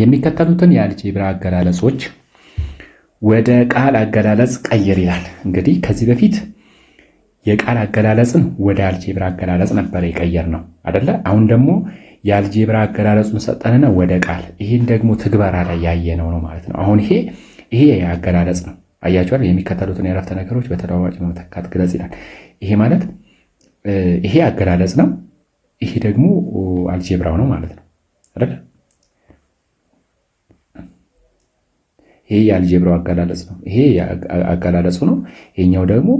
የሚከተሉትን የአልጄብራ አገላለጾች ወደ ቃል አገላለጽ ቀይር ይላል። እንግዲህ ከዚህ በፊት የቃል አገላለጽን ወደ አልጄብራ አገላለጽ ነበረ የቀየር ነው አደለ? አሁን ደግሞ የአልጄብራ አገላለጹን ሰጠንና ወደ ቃል ይህን ደግሞ ትግበራ ላይ ያየነው ነው ማለት ነው። አሁን ይሄ ይሄ አገላለጽ ነው አያቸዋል። የሚከተሉትን የረፍተ ነገሮች በተለዋዋጭ በመተካት ግለጽ ይላል። ይሄ ማለት ይሄ አገላለጽ ነው። ይሄ ደግሞ አልጄብራው ነው ማለት ነው ይሄ የአልጀብራው አገላለጽ ነው። ይሄ አገላለጹ ነው። ይሄኛው ደግሞ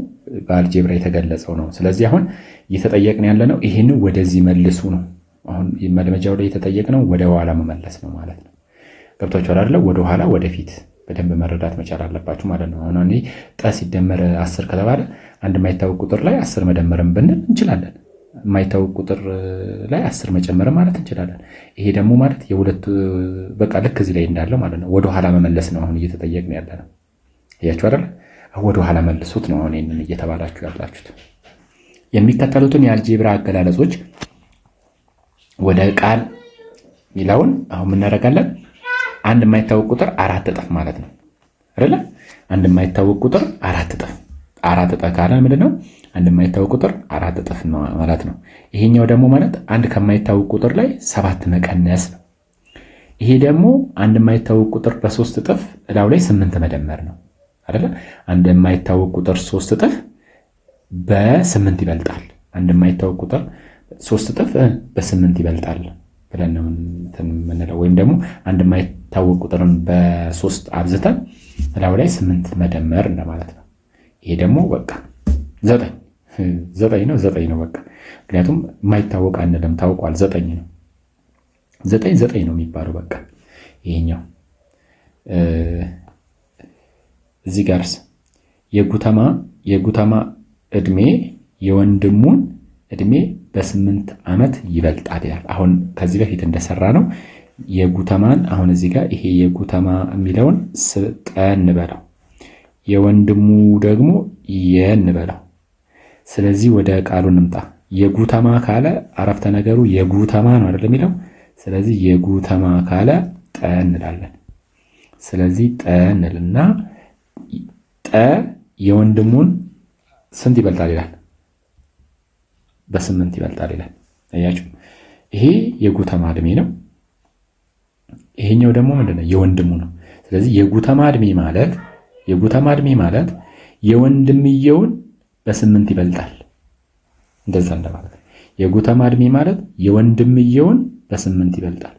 በአልጀብራ የተገለጸው ነው። ስለዚህ አሁን እየተጠየቅን ያለ ነው ይሄንን ወደዚህ መልሱ ነው። አሁን መልመጃው ላይ የተጠየቅነው ወደ ኋላ መመለስ ነው ማለት ነው። ገብቷችኋል አይደለ? ወደ ኋላ ወደፊት በደንብ መረዳት መቻል አለባችሁ ማለት ነው። አሁን ጠ ሲደመር አስር ከተባለ አንድ የማይታወቅ ቁጥር ላይ አስር መደመርን ብንል እንችላለን። የማይታወቅ ቁጥር ላይ አስር መጨመር ማለት እንችላለን። ይሄ ደግሞ ማለት የሁለቱ በቃ ልክ እዚህ ላይ እንዳለው ማለት ነው። ወደኋላ መመለስ ነው አሁን እየተጠየቅን ያለ ነው። እያችሁ አይደለ? ወደኋላ መልሱት ነው አሁን ይህንን እየተባላችሁ ያላችሁት። የሚከተሉትን የአልጄብራ አገላለጾች ወደ ቃል ሚለውን አሁን የምናደርጋለን። አንድ የማይታወቅ ቁጥር አራት እጥፍ ማለት ነው አይደለ? አንድ የማይታወቅ ቁጥር አራት እጥፍ አራት እጥፍ ካለን ምንድን ነው አንድ የማይታወቅ ቁጥር አራት እጥፍ ማለት ነው። ይሄኛው ደግሞ ማለት አንድ ከማይታወቅ ቁጥር ላይ ሰባት መቀነስ ነው። ይሄ ደግሞ አንድ የማይታወቅ ቁጥር በሶስት እጥፍ እላው ላይ ስምንት መደመር ነው አይደለ? አንድ የማይታወቅ ቁጥር ሶስት እጥፍ በስምንት ይበልጣል። አንድ የማይታወቅ ቁጥር ሶስት እጥፍ በስምንት ይበልጣል ብለን ነው የምንለው። ወይም ደግሞ አንድ የማይታወቅ ቁጥርን በሶስት አብዝተን እላው ላይ ስምንት መደመር እንደማለት ነው። ይሄ ደግሞ በቃ ዘጠኝ ዘጠኝ ነው ዘጠኝ ነው በቃ ምክንያቱም የማይታወቅ አንለም ታውቋል ዘጠኝ ነው ዘጠኝ ዘጠኝ ነው የሚባለው በቃ ይሄኛው እዚህ ጋርስ የጉተማ የጉተማ እድሜ የወንድሙን እድሜ በስምንት ዓመት ይበልጣል ይላል አሁን ከዚህ በፊት እንደሰራ ነው የጉተማን አሁን እዚህ ጋር ይሄ የጉተማ የሚለውን ስጠ እንበለው የወንድሙ ደግሞ የእንበለው ስለዚህ ወደ ቃሉ እንምጣ። የጉተማ ካለ አረፍተ ነገሩ የጉተማ ነው አይደል የሚለው። ስለዚህ የጉተማ ካለ ጠ እንላለን። ስለዚህ ጠ እንልና ጠ የወንድሙን ስንት ይበልጣል ይላል። በስምንት ይበልጣል ይላል። አያችሁ፣ ይሄ የጉተማ እድሜ ነው። ይሄኛው ደግሞ ምንድነው? ነው? የወንድሙ ነው። ስለዚህ የጉተማ እድሜ ማለት የጉተማ እድሜ ማለት የወንድምየውን በስምንት ይበልጣል። እንደዛ እንደማለት የጉተማ ዕድሜ ማለት የወንድምየውን በስምንት ይበልጣል።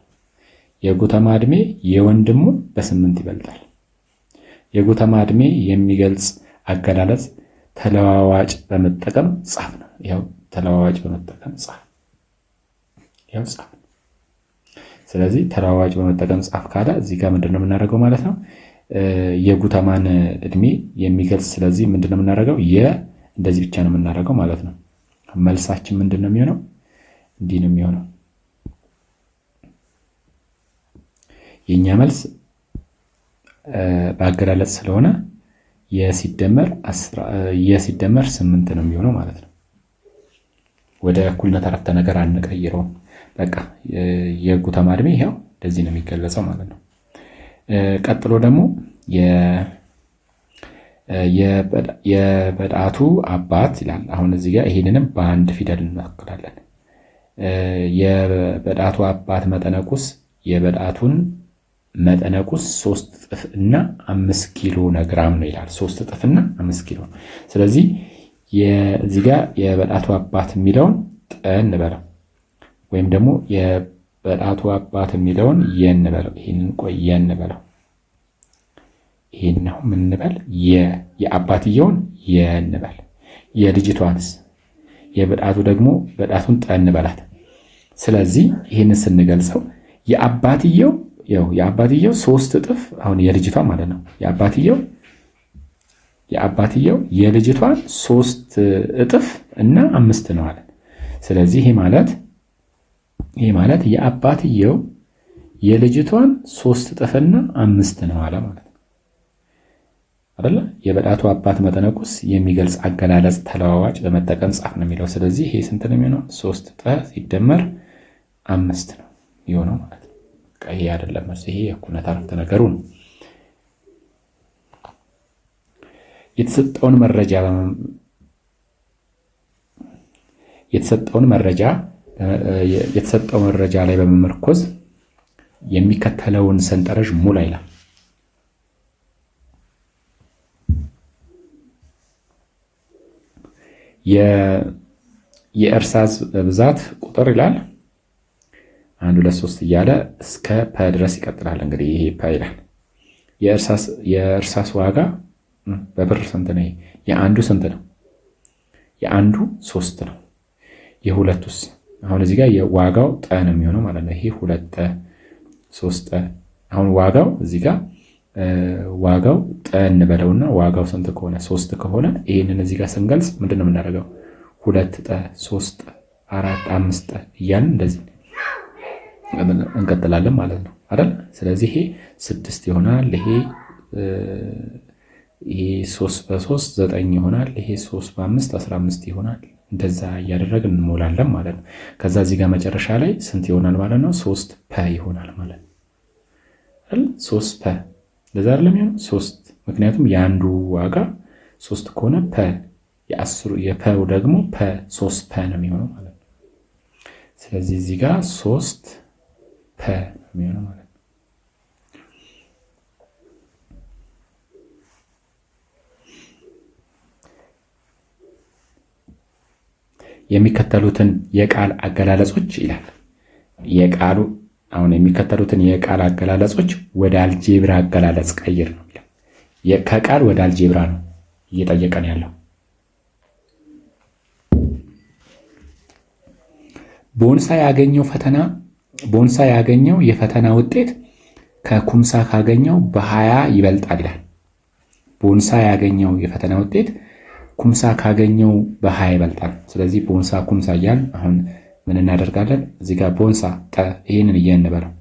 የጉተማ እድሜ የወንድሙ በስምንት ይበልጣል። የጉተማ እድሜ የሚገልጽ አገላለጽ ተለዋዋጭ በመጠቀም ጻፍ ነው። ያው ተለዋዋጭ በመጠቀም ጻፍ ያው ጻፍ። ስለዚህ ተለዋዋጭ በመጠቀም ጻፍ ካለ እዚህ ጋር ምንድነው የምናደርገው ማለት ነው የጉተማን እድሜ የሚገልጽ ስለዚህ ምንድነው ነው የ እንደዚህ ብቻ ነው የምናደርገው ማለት ነው። መልሳችን ምንድን ነው የሚሆነው? እንዲህ ነው የሚሆነው። የእኛ መልስ በአገላለጽ ስለሆነ የሲደመር ስምንት ነው የሚሆነው ማለት ነው። ወደ እኩልነት አረፍተ ነገር አንቀይረውም። በቃ የጉተማ ተማድሜ ይኸው እንደዚህ ነው የሚገለጸው ማለት ነው። ቀጥሎ ደግሞ የበጣቱ አባት ይላል። አሁን እዚህ ጋር ይሄንንም በአንድ ፊደል እናክላለን። የበጣቱ አባት መጠነቁስ የበጣቱን መጠነቁስ ሶስት እጥፍ እና አምስት ኪሎ ነግራም ነው ይላል። ሶስት እጥፍ እና አምስት ኪሎ። ስለዚህ እዚህ ጋር የበጣቱ አባት የሚለውን ጠ እንበለው ወይም ደግሞ የበጣቱ አባት የሚለውን የንበለው ይህንን ቆየን እንበለው ይህን ነው ምንበል? የአባትየውን የንበል። የልጅቷንስ የብጣቱ ደግሞ ብጣቱን ጠንበላት። ስለዚህ ይህንን ስንገልጸው የአባትየው ያው የአባትየው ሶስት እጥፍ አሁን የልጅቷ ማለት ነው። የአባትየው የአባትየው የልጅቷን ሶስት እጥፍ እና አምስት ነው አለ። ስለዚህ ይሄ ማለት ይሄ ማለት የአባትየው የልጅቷን ሶስት እጥፍና አምስት ነው አለ ማለት አይደለ የበጣቱ አባት መጠነቁስ የሚገልጽ አገላለጽ ተለዋዋጭ በመጠቀም ጻፍ ነው የሚለው። ስለዚህ ይሄ ስንት ነው የሚሆነው? ሶስት ጠ ሲደመር አምስት ነው የሆነው ማለት ነው። ቀይ አይደለም መልስ። ይሄ የእኩልነት አረፍተ ነገሩ ነው። የተሰጠውን መረጃ የተሰጠውን መረጃ የተሰጠው መረጃ ላይ በመመርኮዝ የሚከተለውን ሰንጠረዥ ሙላ ይላል። የእርሳስ ብዛት ቁጥር ይላል አንድ ሁለት ሶስት እያለ እስከ ፐ ድረስ ይቀጥላል። እንግዲህ ይሄ ፐ ይላል። የእርሳስ ዋጋ በብር ስንት ነው? የአንዱ ስንት ነው? የአንዱ ሶስት ነው። የሁለቱስ አሁን እዚህ ጋር የዋጋው ጠ ነው የሚሆነው ማለት ነው። ይሄ ሁለት ሶስት አሁን ዋጋው እዚህ ጋር ዋጋው ጠ እንበለውና ዋጋው ስንት ከሆነ ሶስት ከሆነ ይህንን እዚህ ጋር ስንገልጽ ምንድን ነው የምናደርገው? ሁለት ጠ፣ ሶስት አራት አምስት ጠ እያልን እንደዚህ እንቀጥላለን ማለት ነው አይደል? ስለዚህ ይሄ ስድስት ይሆናል። ይሄ ይሄ ሶስት በሶስት ዘጠኝ ይሆናል። ይሄ ሶስት በአምስት አስራ አምስት ይሆናል። እንደዛ እያደረግን እንሞላለን ማለት ነው። ከዛ እዚህ ጋር መጨረሻ ላይ ስንት ይሆናል ማለት ነው? ሶስት ፐ ይሆናል ማለት ነው። ሶስት ፐ ለዛ ለሚሆን ሶስት ምክንያቱም የአንዱ ዋጋ ሶስት ከሆነ ፐ የአስሩ የፐው ደግሞ ፐ ሶስት ፐ ነው የሚሆነው ማለት ነው። ስለዚህ እዚህ ጋር ሶስት ፐ ነው የሚሆነው ማለት ነው። የሚከተሉትን የቃል አገላለጾች ይላል የቃሉ አሁን የሚከተሉትን የቃል አገላለጾች ወደ አልጄብራ አገላለጽ ቀይር ነው የሚለው። ከቃል ወደ አልጄብራ ነው እየጠየቀን ያለው። ቦንሳ ያገኘው ፈተና ቦንሳ ያገኘው የፈተና ውጤት ከኩምሳ ካገኘው በሀያ ይበልጣል ይላል። ቦንሳ ያገኘው የፈተና ውጤት ኩምሳ ካገኘው በሀያ ይበልጣል። ስለዚህ ቦንሳ ኩምሳ እያል አሁን ምን እናደርጋለን? እዚህ ጋር ቦንሳ ጠ ይህንን እየ እንበለው፣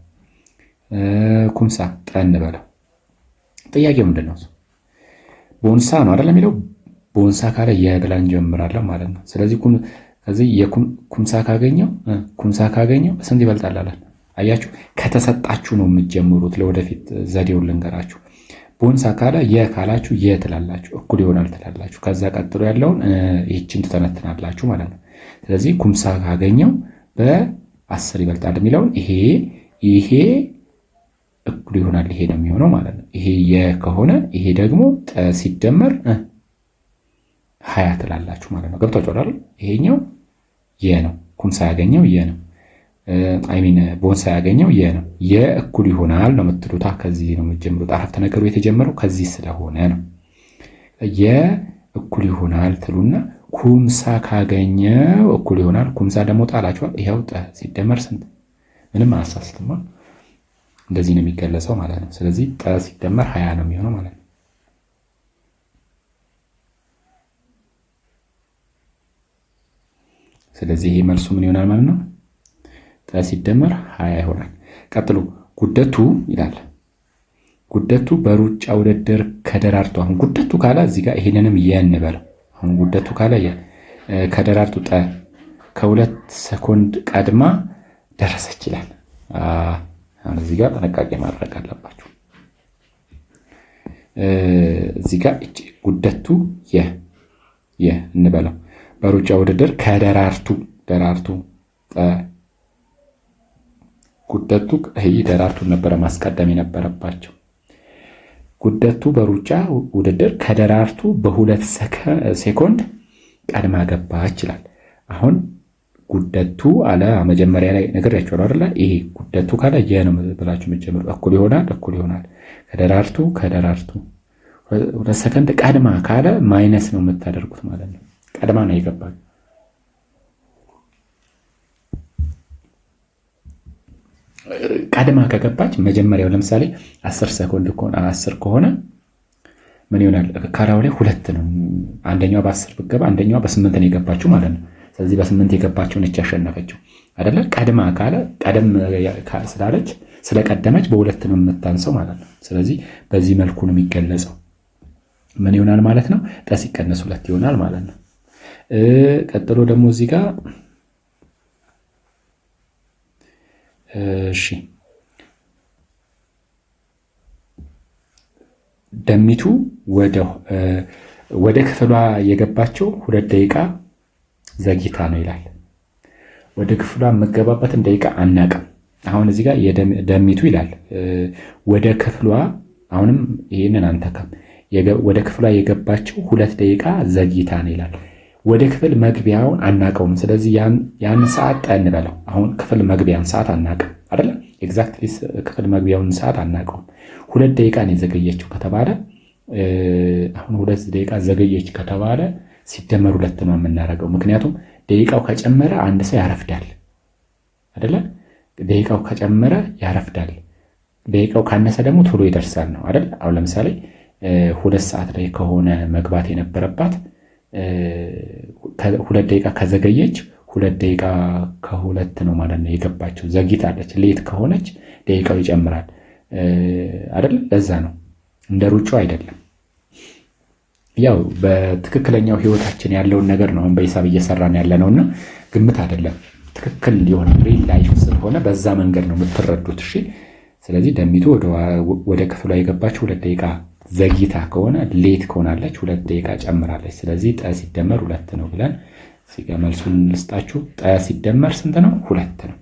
ኩምሳ ጠ እንበለው። ጥያቄው ምንድን ነው? ቦንሳ ነው አይደል የሚለው። ቦንሳ ካለ የብላን ጀምራለሁ ማለት ነው። ስለዚህ ከዚህ የኩምሳ ካገኘው ኩምሳ ካገኘው ስንት ይበልጣላለን? አያችሁ፣ ከተሰጣችሁ ነው የምትጀምሩት። ለወደፊት ዘዴውን ልንገራችሁ። ቦንሳ ካለ የ ካላችሁ የ ትላላችሁ፣ እኩል ይሆናል ትላላችሁ። ከዛ ቀጥሎ ያለውን ይህችን ትተነትናላችሁ ማለት ነው። ስለዚህ ኩምሳ ካገኘው በአስር ይበልጣል የሚለውን ይሄ ይሄ እኩል ይሆናል። ይሄ ነው የሚሆነው ማለት ነው። ይሄ የ ከሆነ ይሄ ደግሞ ጠ ሲደመር ሀያ ትላላችሁ ማለት ነው። አይደል? ይሄኛው የ ነው። ኩምሳ ያገኘው የ ነው። አይሚን ቦንሳ ያገኘው የ ነው። የ እኩል ይሆናል ነው የምትሉታ። ከዚህ ነው የምትጀምሩት። አረፍተ ነገሩ የተጀመረው ከዚህ ስለሆነ ነው። የ እኩል ይሆናል ትሉና ኩምሳ ካገኘ እኩል ይሆናል። ኩምሳ ደግሞ ጣላችኋል። ይኸው ጠ ሲደመር ስንት? ምንም አያሳስትማ። እንደዚህ ነው የሚገለጸው ማለት ነው። ስለዚህ ጠ ሲደመር ሀያ ነው የሚሆነው ማለት ነው። ስለዚህ ይሄ መልሱ ምን ይሆናል ማለት ነው? ጠ ሲደመር ሀያ ይሆናል። ቀጥሎ ጉደቱ ይላል። ጉደቱ በሩጫ ውድድር ከደራርቱ ጉደቱ ካለ እዚህ ጋር ይሄንንም የንበለው አሁን ጉደቱ ካለየ ከደራርቱ ጠ ከሁለት ሰኮንድ ቀድማ ደረሰች ይላል። እዚህ ጋር ጥንቃቄ ማድረግ አለባችሁ። እዚህ ጋር ጉደቱ የ የ እንበለው በሩጫ ውድድር ከደራርቱ ደራርቱ ጠ ጉደቱ ይህ ደራርቱ ነበረ ማስቀደም የነበረባቸው። ጉደቱ በሩጫ ውድድር ከደራርቱ በሁለት ሴኮንድ ቀድማ ገባ ይችላል። አሁን ጉደቱ አለ መጀመሪያ ላይ ነግሬያችኋለሁ አይደለ? ይሄ ጉደቱ ካለ የ ነው ብላችሁ የምትጀምሩ እኩል ይሆናል፣ እኩል ይሆናል። ከደራርቱ ከደራርቱ ሁለት ሰከንድ ቀድማ ካለ ማይነስ ነው የምታደርጉት ማለት ነው። ቀድማ ነው የገባችው። ቀድማ ከገባች መጀመሪያው ለምሳሌ አስር ሰኮንድ አስር ከሆነ ምን ይሆናል? ካራው ላይ ሁለት ነው። አንደኛዋ በአስር ብገባ አንደኛው በስምንት ነው የገባችው ማለት ነው። ስለዚህ በስምንት የገባችው ነች ያሸነፈችው አደለ ቀድማ ካለ ቀደም ስላለች ስለቀደመች በሁለት ነው የምታንሰው ማለት ነው። ስለዚህ በዚህ መልኩ ነው የሚገለጸው። ምን ይሆናል ማለት ነው? ጠስ ይቀነስ ሁለት ይሆናል ማለት ነው። ቀጥሎ ደግሞ እዚህ ጋር እሺ ደሚቱ ወደ ወደ ክፍሏ የገባቸው ሁለት ደቂቃ ዘግይታ ነው ይላል። ወደ ክፍሏ የምገባበትን ደቂቃ አናቅም። አሁን እዚህ ጋር ደሚቱ ይላል ወደ ክፍሏ አሁንም ይህንን አንተከም ወደ ክፍሏ የገባቸው ሁለት ደቂቃ ዘግይታ ነው ይላል። ወደ ክፍል መግቢያውን አናቀውም። ስለዚህ ያን ሰዓት ጠ እንበለው። አሁን ክፍል መግቢያን ሰዓት አናቀም አይደለ? ኤግዛክትሊ ክፍል መግቢያውን ሰዓት አናቀውም። ሁለት ደቂቃ ነው የዘገየችው ከተባለ አሁን ሁለት ደቂቃ ዘገየች ከተባለ ሲደመር ሁለት ነው የምናደርገው። ምክንያቱም ደቂቃው ከጨመረ አንድ ሰው ያረፍዳል አይደለ? ደቂቃው ከጨመረ ያረፍዳል። ደቂቃው ካነሰ ደግሞ ቶሎ ይደርሳል ነው አይደል? አሁን ለምሳሌ ሁለት ሰዓት ላይ ከሆነ መግባት የነበረባት ሁለት ደቂቃ ከዘገየች ሁለት ደቂቃ ከሁለት ነው ማለት ነው የገባቸው። አለች ሌት ከሆነች ደቂቃው ይጨምራል አይደለም። ለዛ ነው እንደ ሩጩ አይደለም። ያው በትክክለኛው ህይወታችን ያለውን ነገር ነው አሁን በሂሳብ እየሰራን ያለ ነው እና ግምት አይደለም ትክክል የሆነ ሪል ላይፍ ስለሆነ በዛ መንገድ ነው የምትረዱት። እሺ። ስለዚህ ደሚቱ ወደ ክፍሏ የገባችው ሁለት ደቂቃ ዘግይታ ከሆነ ሌት ከሆናለች ሁለት ደቂቃ ጨምራለች። ስለዚህ ጠ ሲደመር ሁለት ነው ብለን ሲጋ መልሱን ልስጣችሁ። ጠ ሲደመር ስንት ነው? ሁለት ነው።